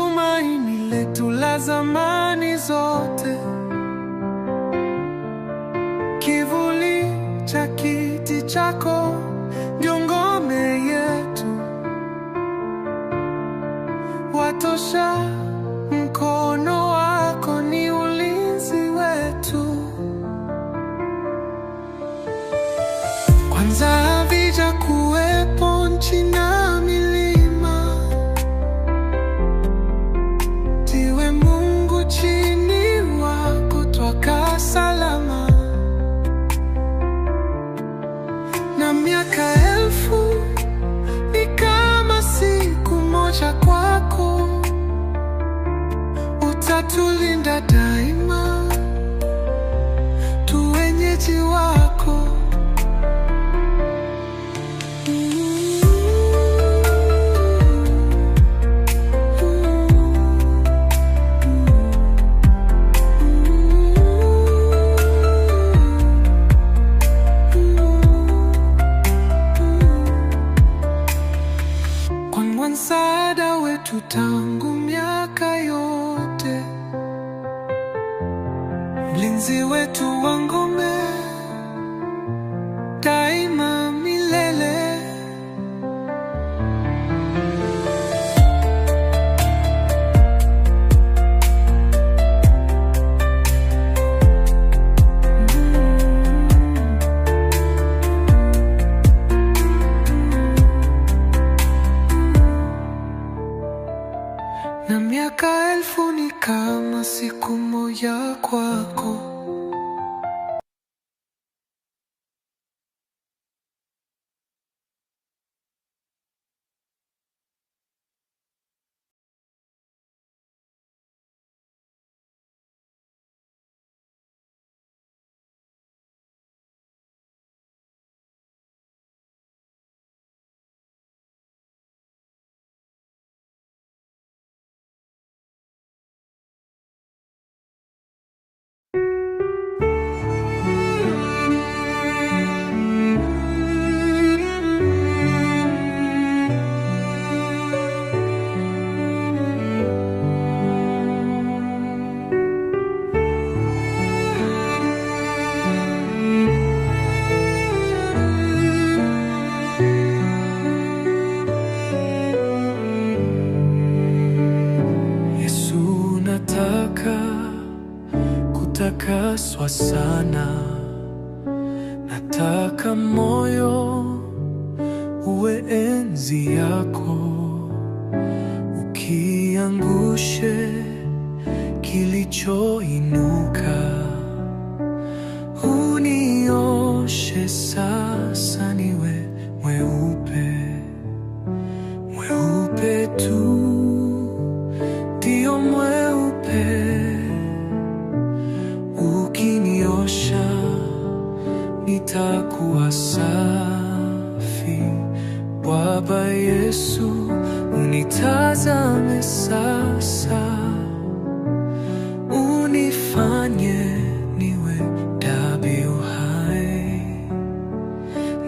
tumaini letu la zamani zote, kivuli cha kiti chako ndio ngome yetu watosha mlinzi wetu wa ngome na miaka elfu ni kama siku moja kwako Tuangushe kilichoinuka, unioshe sasa niwe mweupe, mweupe tu, ndio mweupe. Ukiniosha nitakuwa safi, Baba Yesu unitazame sasa, unifanye niwe dhabihu hai,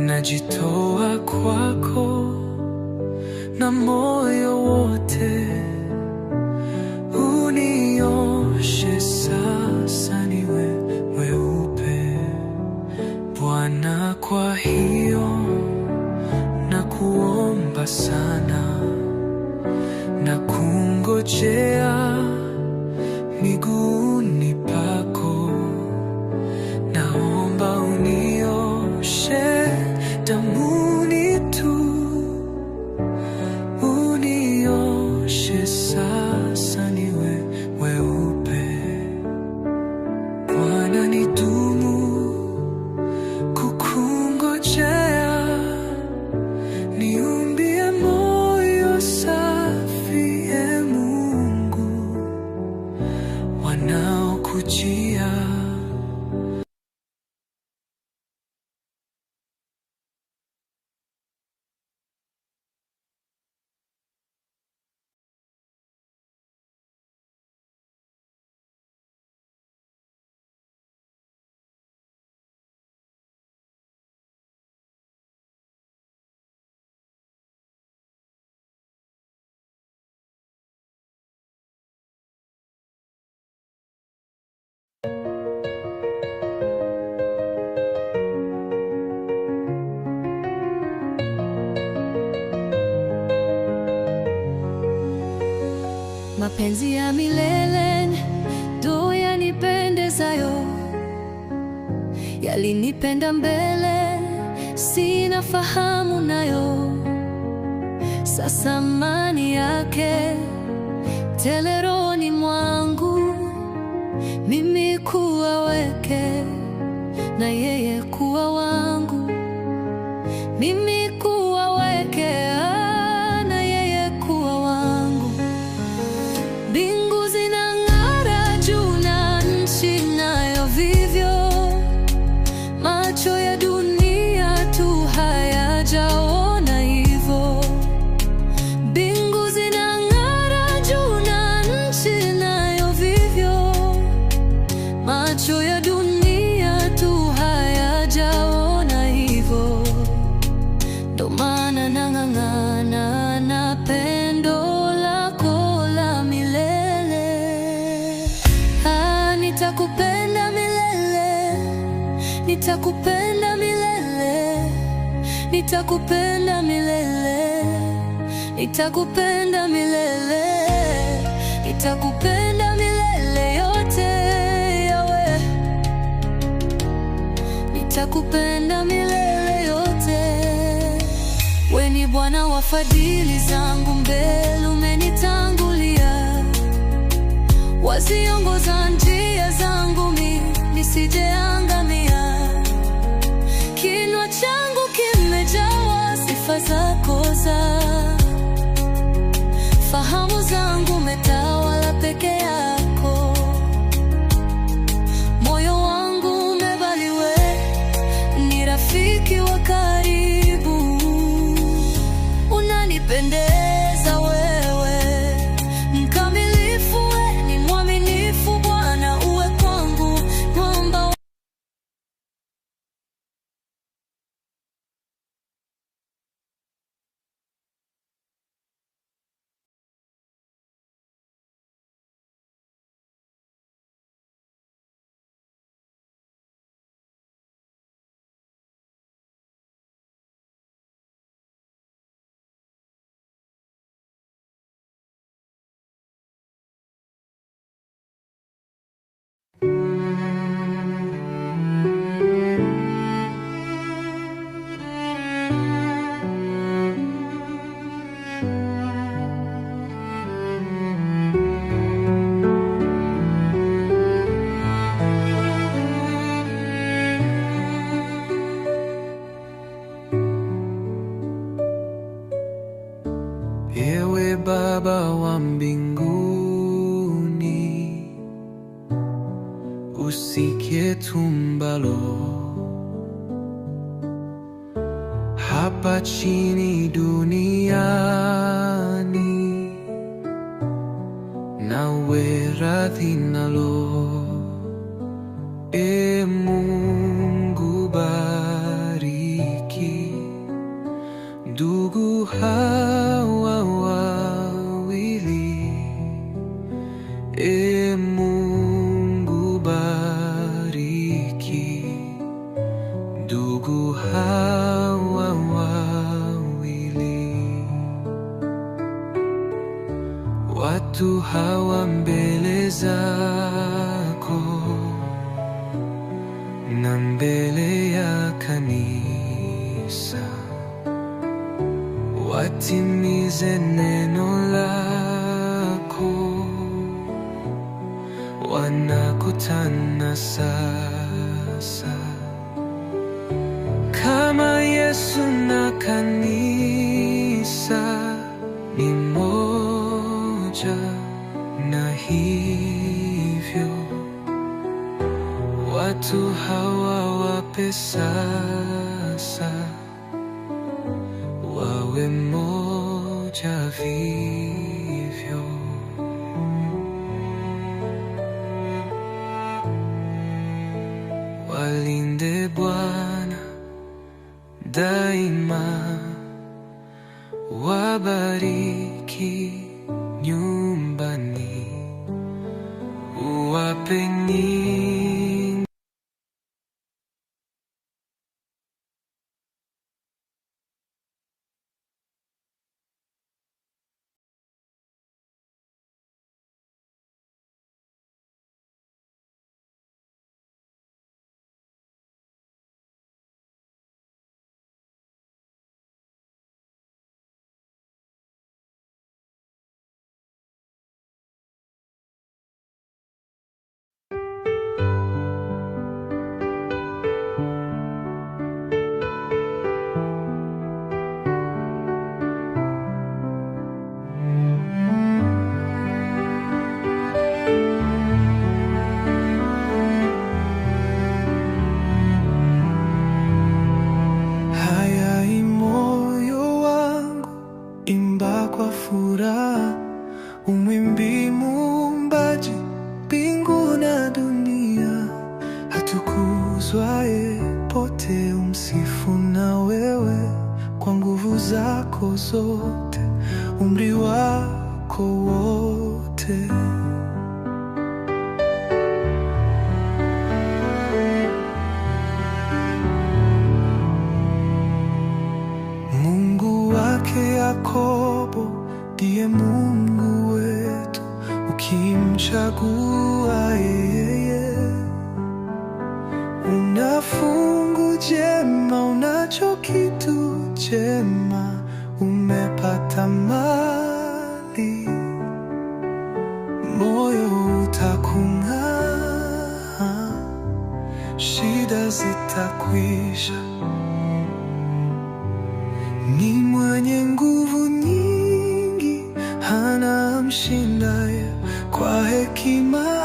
najitoa kwako na moyo wote, unioshe sasa niwe weupe Bwana, kwa hiyo na kuomba sana 나 군고제야 미국 mapenzi ya milele ndo yanipendezayo, yalinipenda mbele, sina fahamu nayo, sasa amani yake tele rohoni mwangu, mimi kuwa weke na yeye kuwa wangu mimi Nitakupenda milele, nitakupenda milele, nitakupenda milele, nitakupenda milele yote yawe, nitakupenda milele yote. We ni Bwana wa fadhili zangu, mbele umenitangulia, waziongoza njia zangu mi nisijeangamia fahamu zangu umetawala peke yako Ewe Baba wa mbinguni, usikie tumbalo hapa chini duniani, nawe radhi nalo, e Mungu ang beleza ko Nambele ya kanisa Watimize neno lako Wanakutana sasa Kama Yesu na kanisa sasa wawe moja vivyo walinde Bwana daima wabariki zako zote, umri wako wote. Mungu wake Yakobo ndiye Mungu wetu, ukimchagua yeye una fungu jema una nacho kitu chema, umepata mali, moyo utakung'aa, shida zitakwisha. Ni mwenye nguvu nyingi, hana mshindaye kwa hekima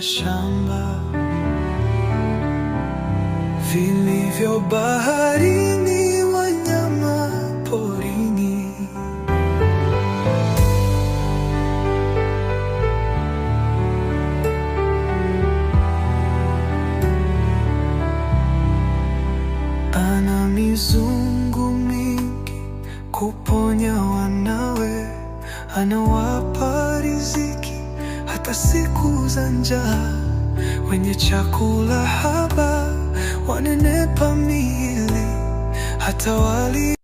shamba vilivyo baharini, wanyama porini, ana mizungu mingi kuponya wanawe ana za njaa, wenye chakula haba wanenepa miili hata wali